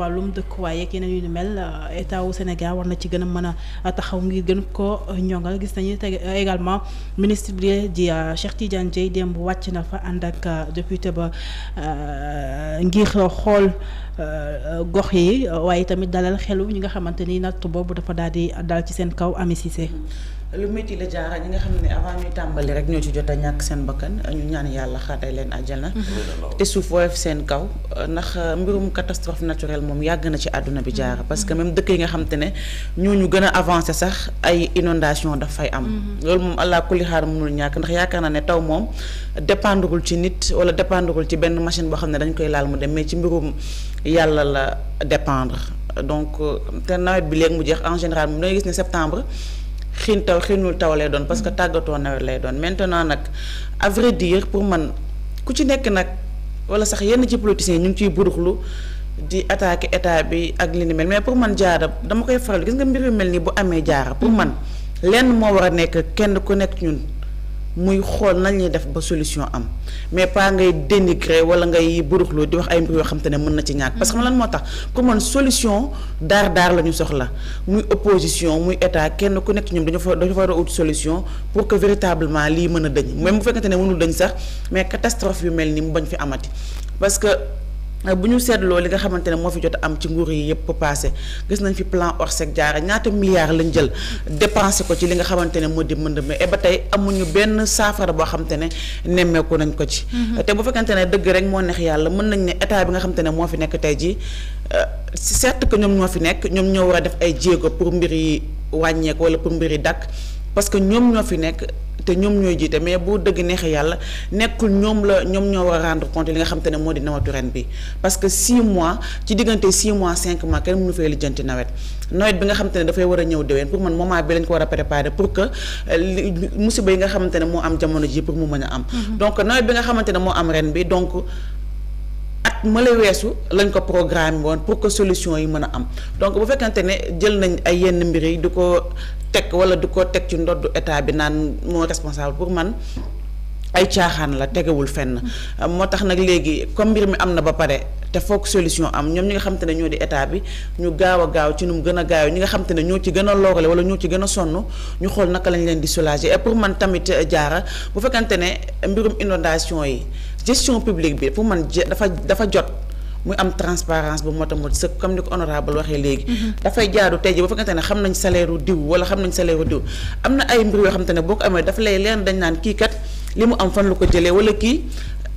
wàllum dëkkuwaay yeeg yeneen yu ni mel euh, état wu Sénégal war na ci gën a mën a taxaw ngir gën ko ñongal gis nañu te euh, également ministre bi di euh, Cheikh Tidiane Dièye démb wàcc na fa ànd ak député ba ngir xool gox yi waaye tamit dalal xelu ñi nga xamante ni natt boobu dafa daal di dal ci seen kaw Ami lu métti la jaara ñi nga xam ne avant ñuy tàmbali rek ñoo ci jot a ñàkk seen bakkan ñu ñaan yàlla xaatay leen àjjana te suuf woyof seen kaw ndax euh, mbirum catastrophe naturel moom yàgg na ci àdduna bi jaara mm-hmm. parce que même dëkk yi nga xam te ne ñooñu gën a avancé sax ay inondation daf fay am mm-hmm. loolu moom allah kulli xaar mënul ñàkk ndax yaakaar naa ne taw moom dépendrul ci nit wala dépendrul ci benn machine boo xam ne dañ koy laal mu dem mais ci mbirum yàlla la dépendre donc euh, te nawet bi léegi mu jeex en général moom gis ne septembre xiin taw xiinul taw lay doon parce que tàggatoo nawet lay doon maintenant nag à vrai pour man ku ci nekk nag wala sax yenn ci politiciens ñu ngi ciy buruxlu di attaquer état bi ak li ni mel mais pour man jaara dama koy faral gis nga mbir mel nii bu amee jaara pour man lenn moo war a nekk kenn ku nekk ñun. muy xool nañ ñuy def ba solution am mais pas ngay dénigrer wala ngay buruxlu di wax ay mbir yoo xam ne mën na ci ñàkk parce que mm-hmm. lan moo tax ku man solution daar daar la ñu soxla muy opposition muy état kenn ku nekk ñoom dañu fa dañu fa war a ut solution pour que véritablement lii mën a dëñ même bu fekkante ne mënul dëñ sax mais catastrophe yu mel ni mu bañ fi amati parce Euh, bu ñu seetloo li nga xamante ne moo fi jot am ci nguur yi yëpp passé gis nañ fi plan Orsec jaara ñaata milliards lañ jël dépensé ko ci li nga xamante ne moo di mënd mi et ba tey amuñu benn saafara boo xamante ne nemmeeku nañ ko ci mm-hmm. te bu fekkante ne dëgg rek moo neex yàlla mën nañ ne état bi nga xamante ne moo fi nekk tey jii euh, certes que ñoom ñoo fi nekk ñoom ñoo war a def ay jéego pour mbir yi wàññeeku wala pour mbir yi dakk parce que ñoom ñoo fi nekk te ñoom ñooy jiite mais boo dëgg neexee yàlla nekkul ñoom la ñoom ñoo war a rend compte li nga xam te ne moo di nawatu ren bi parce que 6 mois ci diggante 6 mois 5 mois kenn mënu fay lijjanti nawet nawet bi nga xam te ne dafay war a ñëw déwén pour man moment bi lañ ko war a préparer pour que euh, musiba yi nga xamante ne moo am jamono ji pour mu mën a am mm-hmm. donc nawet bi nga xamante ne moo am ren bi donc at ma la weesu lañ ko programme woon pour que solution yi mën a am donc bu fekkante ne jël nañ ay yenn mbir yi di ko teg wala di ko teg ci ndoddu état bi naan moo responsable pour man ay caaxaan la tegewul fenn moo tax nag léegi comme mbir mi am na ba pare te foog solution am ñoom ñi nga xam te ne ñoo di état bi ñu gaaw a gaaw ci nu mu gën a gaaw ñi nga xam te ne ñoo ci gën a loogale wala ñoo ci gën a sonn ñu xool naka lañ leen di soulager et pour man tamit jaara euh, bu ne mbirum inondation yi gestion publique bi pour man dafa dafa jot muy am transparence bu mot a mot sëkk comme ni ko honorable waxee léegi mm-hmm. ne xam nañ diw wala xam nañ salaire u diw am na ay mbir yoo xam te ne boo ko amee dafa lay leen dañ naan kii kat li mu am fan lu ko jëlee wala kii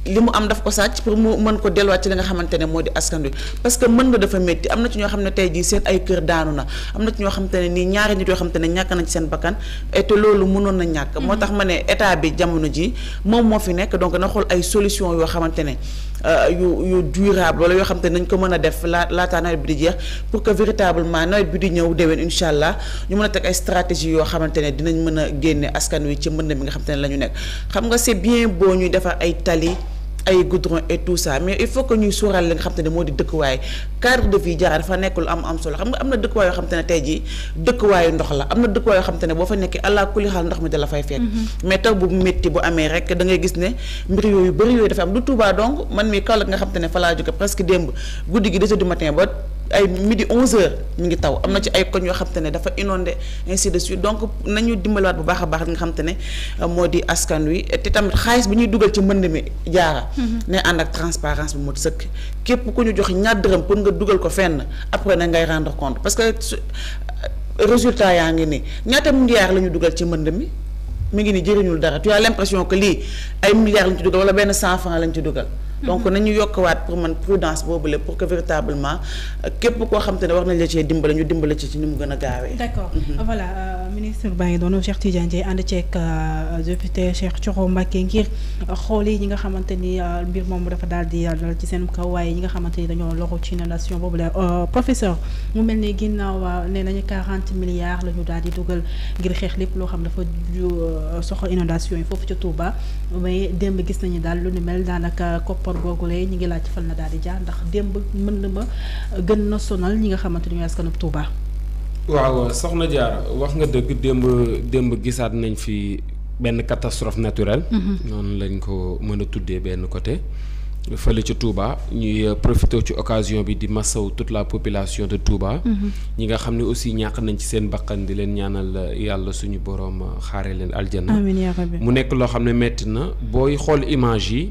li mu am daf ko sàcc pour mu mën ko delluwaat ci li nga xamante ne moo di askan wi parce que mën nga dafa métti am na ci ñoo xam ne tey jii seen ay kër daanu na am na ci ñoo xamante ne nii ñaari nit yoo xamante ne ñàkk nañ ci seen bakkan et te loolu mënoon na ñàkk moo mhm. tax ma ne état bi jamono ji moom moo fi nekk donc na xool ay solution yoo xamante ne Euh, yu yu durable wala yoo xam te nañ ko mën a def laa laataa nawet bi di jeex pour que véritablement nawet bi di ñëw déwén incha allah ñu mën a teg ay stratégie yoo xamante ne dinañ mën a génne askan wi ci mbënd mi nga xam te ne la ñu nekk xam nga c'est bien boo ñuy defar ay tali ay goudron et tout ça mais il faut que ñuy suural li nga xam te ne moo di dëkkuwaay cadre de vie jara dafa nekk am am solo xam nga am na dëkkuwaay yoo xam te ne tey jii dëkkuwaayu ndox la am na dëkkuwaay yoo xam te ne boo fa nekkee allah kulli xaal ndox mi da la fay fekk mhm. mais taw bu métti bu amee rek da ngay gis ne mbir yooyu bëri yooyu dafa am du Touba donc man mi Kaolack nga xam te ne fa laa jóge presque démb guddi gi deux heures du matin ay midi 11h mi ngi taw am na ci ay koñ yoo xam ne dafa inondé ainsi de suite donc nañu dimbaliwaat bu baax a baax nga xam ne euh, moo di askan wi te tamit xaalis bi ñuy dugal ci mbënd mi jaara mm-hmm. ne ànd ak transparence bi mu sëkk képp ku ñu jox ñaar dërëm pour nga dugal ko fenn après na ngay rendre compte parce que euh, résultat yaa ngi nii ñaata milliards la ñu dugal ci mbënd mi mu ngi ni jëriñul dara tu as l'impression que lii ay milliards lañ ci dugal wala benn cent franc lañ ci dugal donc nañu yokkuwaat pour man prudence boobu la pour que véritablement euh, képp koo xam te ne war nañ la cee dimbale ñu dimbale ci ci ni mu gën a gaawee. d'accord mhm. ah, voilà euh, ministre baa ngi doon Cheikh Tidiane Dièye ànd ceeg euh, député Cheikh Thioro Mbacké ngir xool yi ñi nga xamante ni mbir moom dafa daal di dal ci seen kaw waaye ñi nga xamante ni dañoo loru ci inondation boobu la professeur mu mel ni ginnaaw ne nañu quarante milliards la ñu daal di dugal ngir xeex lépp loo xam dafa soxla inondation yi foofu ca Touba mais démb gis nañu daal mel daanaka kopp rapport googulee ñi ngi laaj ci fan la daal di jaar ndax démb mën na ma gën na sonal ñi nga xamante ni ñooy askanub Touba. waaw soxna Diarra wax nga dëgg démb démb gisaat nañ fi benn catastrophe naturelle. Mhm. noonu lañ ko mën a tuddee benn côté. fële ca Touba ñuy profité ci occasion bi di massaw tout la population de Touba. Mhm. ñi nga xam ne aussi ñàkk nañ ci seen bakkan di leen ñaanal yàlla suñu boroom xaare leen aljana. amiin mu nekk loo xam ne metti na booy xool image yi.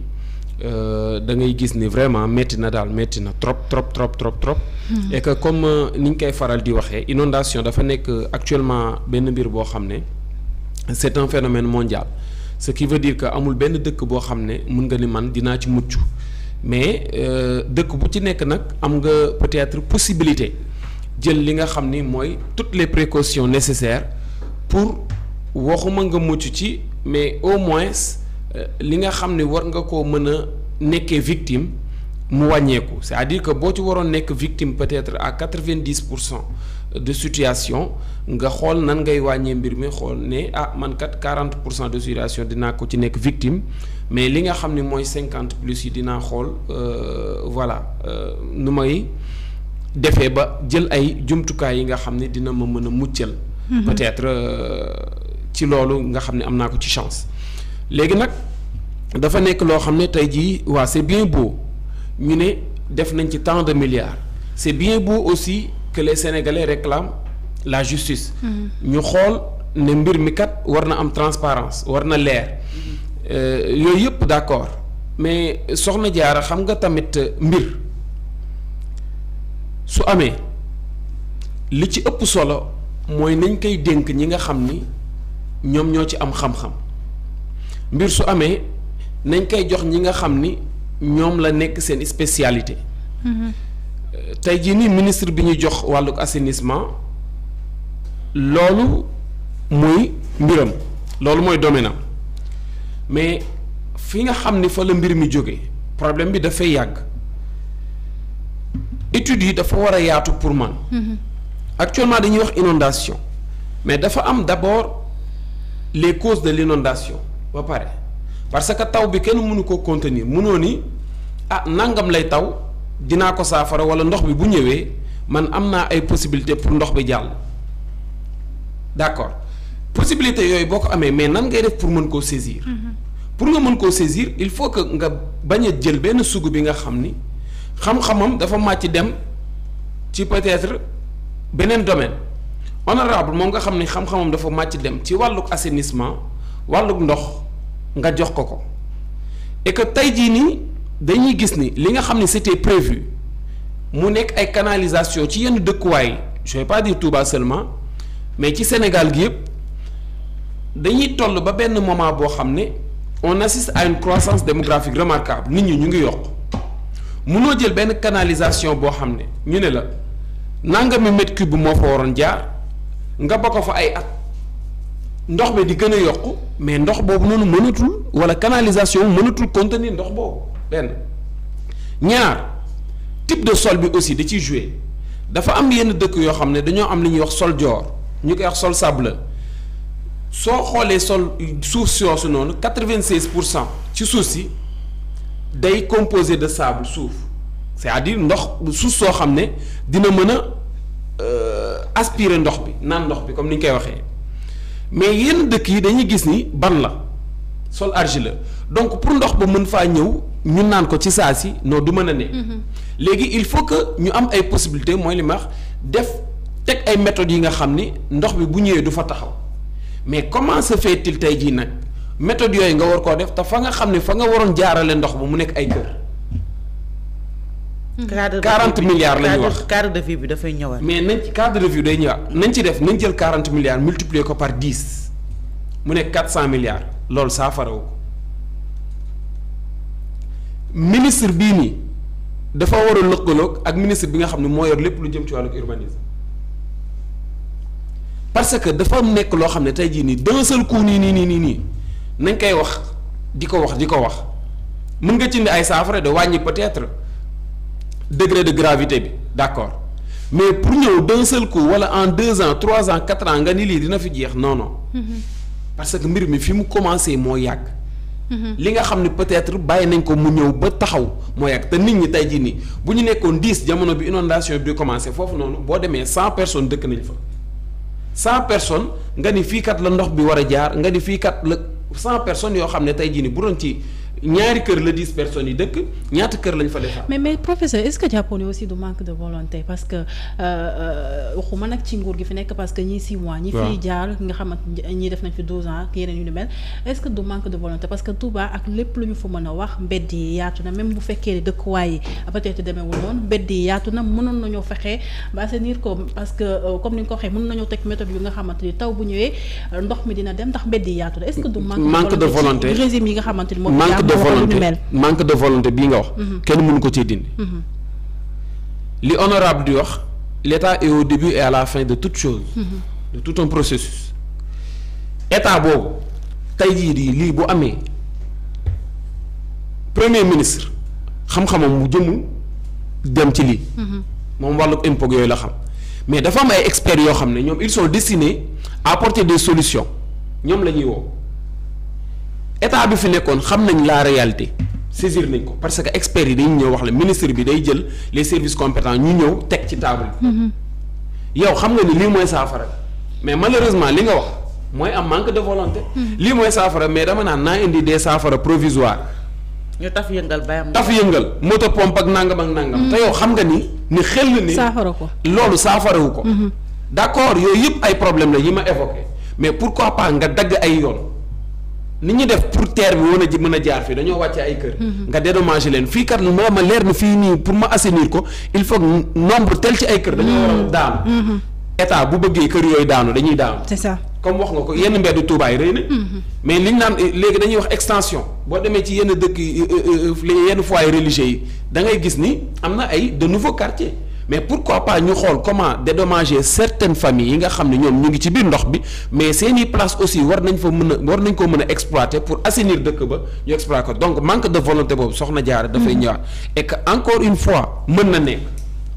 Euh, da ngay gis ni vraiment métti na daal métti na trop trop trop trop trop. Hmm. que comme euh, ni ñu koy faral di waxee inondation dafa nekk actuellement benn mbir boo xam ne c'est un phénomène mondial ce qui veut dire que amul benn dëkk boo xam ne mën nga ni man dinaa ci mucc mais euh, dëkk bu ci nekk nag am nga peut possibilité jël li nga xam ni mooy toutes les précautions nécessaires pour waxuma nga mucc ci mais au moins. li nga xam ne war nga koo mën a nekkee victim mu wàññeeku c'est-à-dire que boo ci waroon nekk victime peut-être à quatre-vingt-dix pour cent de situation nga xool nan ngay wàññee mbir mi xool ne ah man kat pour cent de situation dinaa ko ci nekk victime mais li nga xam ne mooy cinquante plus yi dinaa xool euh, voilà euh, nu may defee ba jël ay jumtukaay yi nga xam ne dina ma mën a muccal mm-hmm. peut-être euh, ci loolu nga xam ne am naa ko ci chance léegi nag dafa nekk loo xam ne tey jii waa c'est bien beau ñu ne def nañ ci tant de milliards c'est bien beau aussi que les Sénégalais réclament la justice. Mm-hmm. ñu xool ne mbir mi kat war na am transparence war na leer euh, yooyu yëpp d'accord mais soxna jaara xam nga tamit mbir su amee li ci ëpp solo mooy nañ koy dénk ñi nga xam ni ñoom ñoo ci am xam-xam. mbir su amee nañ koy jox ñi nga xam ni ñoom la nekk seen spécialité. Mhm. Euh, tey jii nii ministre bi ñu jox wàllug assainissement loolu muy mbiram loolu mooy domaine am mais fi nga xam ni fa la mbir mi jóge problème bi dafay yàgg études yi dafa war a yaatu pour man. Mhm. actuellement dañuy wax inondation mais dafa am d'abord les causes de l'inondation ba pare parce que taw bi kenn mënu koo contenir munoo ni ah nangam lay taw dinaa ko saafara wala ndox bi bu ñëwee man am naa ay possibilité pour ndox bi jàll d'accord possibilité yooyu boo ko amee mais nan ngay def pour mën koo saisir mm-hmm. pour nga mën koo saisir il faut que nga bañ a jël benn sugu bi nga xam ni xam-xamam dafa màcc dem ci peut-être beneen domaine honorable moom nga xam ni xam-xamam dafa màcc dem ci wàlluk assainissement wàlluk ndox nga jox ko ko et que tey jii nii dañuy gis ni li nga xam ne c'était prévu mu nekk ay canalisation ci yenn dëkkuwaay je vais pas dire Touba seulement mais ci Sénégal gi yëpp dañuy toll ba benn moment boo xam ne on assiste à une croissance démographique remarquable nit ñi ñu ngi yokk munoo jël benn canalisation boo xam ne ñu ne la nangami mètre cube moo fa waroon jaar nga ba fa ay at ndox mi di gën a yokku mais ndox boobu noonu mënatul wala canalisation mënatul contenir ndox boobu benn ñaar type de sol bi aussi da ciy joué dafa am yenn dëkk yoo xam ne dañoo am li ñuy wax sol joor ñu koy wax sol sableux soo xoolee sol suuf soosu noonu quatre-vingt-seize pour cent ci suuf si day composé de sable suuf c'est-à-dire ndox suuf soo xam ne dina mën a euh, aspirer ndox bi naan ndox bi comme ni ñu koy waxee mais yenn dëkk yi dañuy gis ni ban la sol la donc pour ndox ba mën faa ñëw ñu naan ko ci saa si noo du mën a ne. Mhm. léegi il faut que ñu am ay possibilité mooy li ma def teg ay méthodes yi nga xam ni ndox bi bu ñëwee du fa taxaw mais comment se fait-il jii nag méthodes yooyu nga war koo def te fa nga xam ne fa nga waroon jaarale ndox ba mu nekk ay kër. 40 milliards la ñu wax cadre de bi dafay ñëwaat. mais nañ ci cadre de vie day ñëwaat nañ ci def nañ jël 40 milliards multiplier ko par 10 mu ne nekk 400 milliards loolu saafarawu ko ministre bi nii dafa war a lëkkaloog ak ministre bi nga xam ne moo yor lépp lu jëm ci wàllu urbanisme parce que dafa nekk loo xam ne tey jii nii d'un seul coup nii nii nii nii nii nañ koy wax di ko wax di ko wax mën nga ci indi ay saafara de wàññi peut degré de gravité bi d'accord mais pour ñëw d'un seul coup wala en deux ans trois ans quatre ans nga ni lii dina fi jeex non non. Mm-hmm. parce que mbir mi fi mu commencé moo yàgg. Mm-hmm. li nga xam ne peut-être bàyyi nañ ko mu ñëw ba taxaw moo yàgg te nit ñi tey jii nii bu ñu nekkoon dix jamono bi inondation bi commencé foofu noonu boo demee cent personnes dëkk nañ fa. cent personnes nga ni fii kat la ndox bi war a jaar nga ni fii kat la cent personnes yoo xam ne tey jii nii bu doon ci. ñaari kër la dix personnes yi dëkk ñaata kër lañ fa defar. mais mais professeur est-ce que jàppoon aussi du manque de volonté parce que euh, euh, waxuma nag ci nguur gi fi nekk parce que ñii six ñi fiy jaar nga xamante ñii def nañ fi douze ans ak yeneen yu ni mel est-ce que du manque de volonté parce que Touba ak lépp lu ñu fa mën a wax mbedd yi yaatu na même bu fekkee ne dëkkuwaay yi peut-être demeewul noonu mbedd yi yaatu na mënoon nañoo fexe ba assainir ko euh, ko de volonté manque de volonté bii nga wax mm-hmm. kenn mënu ko cee dindi mm-hmm. li honorable di wax l'état est au début et la fin de toute mm-hmm. tout un processus état boobu tey jii di lii bu amee premier ministre xam-xamam mu jëmul dem ci lii moom wàllu impôt yooyu la xam mais dafa am ay experts yoo xam ne ñoom ils sont destinés à apporter des solutions ñoom la ñuy woo état bi fi nekkoon xam nañ la réalité saisir nañ ko parce que experts yi dañu ñëw wax la ministre bi day jël les services compétent ñu ñëw teg ci table bi mhm. yow xam nga ni lii mooy saafara mais malheureusement li nga wax mooy am manque de mhm. lii mooy saafara dama naan naa indi des saafara provisoire ñu taf yëngal bayam taf yëngal moto pompe ak nangam ak nangam mhm. te yow xam nga ni ni xel ni saafara ko loolu saafarawu ko d'accord yooyu yëpp ay problème la yi ma évoqué mais pourquoi pas nga dagg ay yoon nit ñi def pour terre bi woon a ji mën a jaar fii dañoo wàcce ay kër. Mhm. nga dédommagé leen fii kat ma ma leer na fii nii pour ma assainir ko il faut nombre tel ci ay kër. dañoo mhm. war a daanu. Mhm. état bu bëggee kër yooyu daanu dañuy daanu. c'est comme wax nga ko yenn mbedd tuubaay yi rëy na. mais liñ naan léegi dañuy wax extension boo demee ci yenn dëkk yi euh, euh, euh, yenn foyer religieux yi da ngay gis ni am na ay de nouveaux quartiers. mais pourquoi pas ñu xool comment dédommager certaines familles yi nga xam ne ñoom ñu ngi ci biir ndox bi mais seeni place aussi war nañ fa mën a war nañ ko mën a exploiter pour assainir dëkk ba ñu exploiter donc manque de volonté boobu soxna jaara dafay mm-hmm. ñëwaat et encore une fois mën na nekk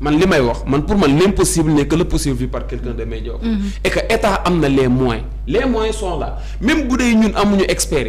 man li may wax man pour man l'impossible n'est que le possible vu par quelqu'un de médiocre mm-hmm. et état am na les moyens les moyens sont là même bu dee ñun amuñu experts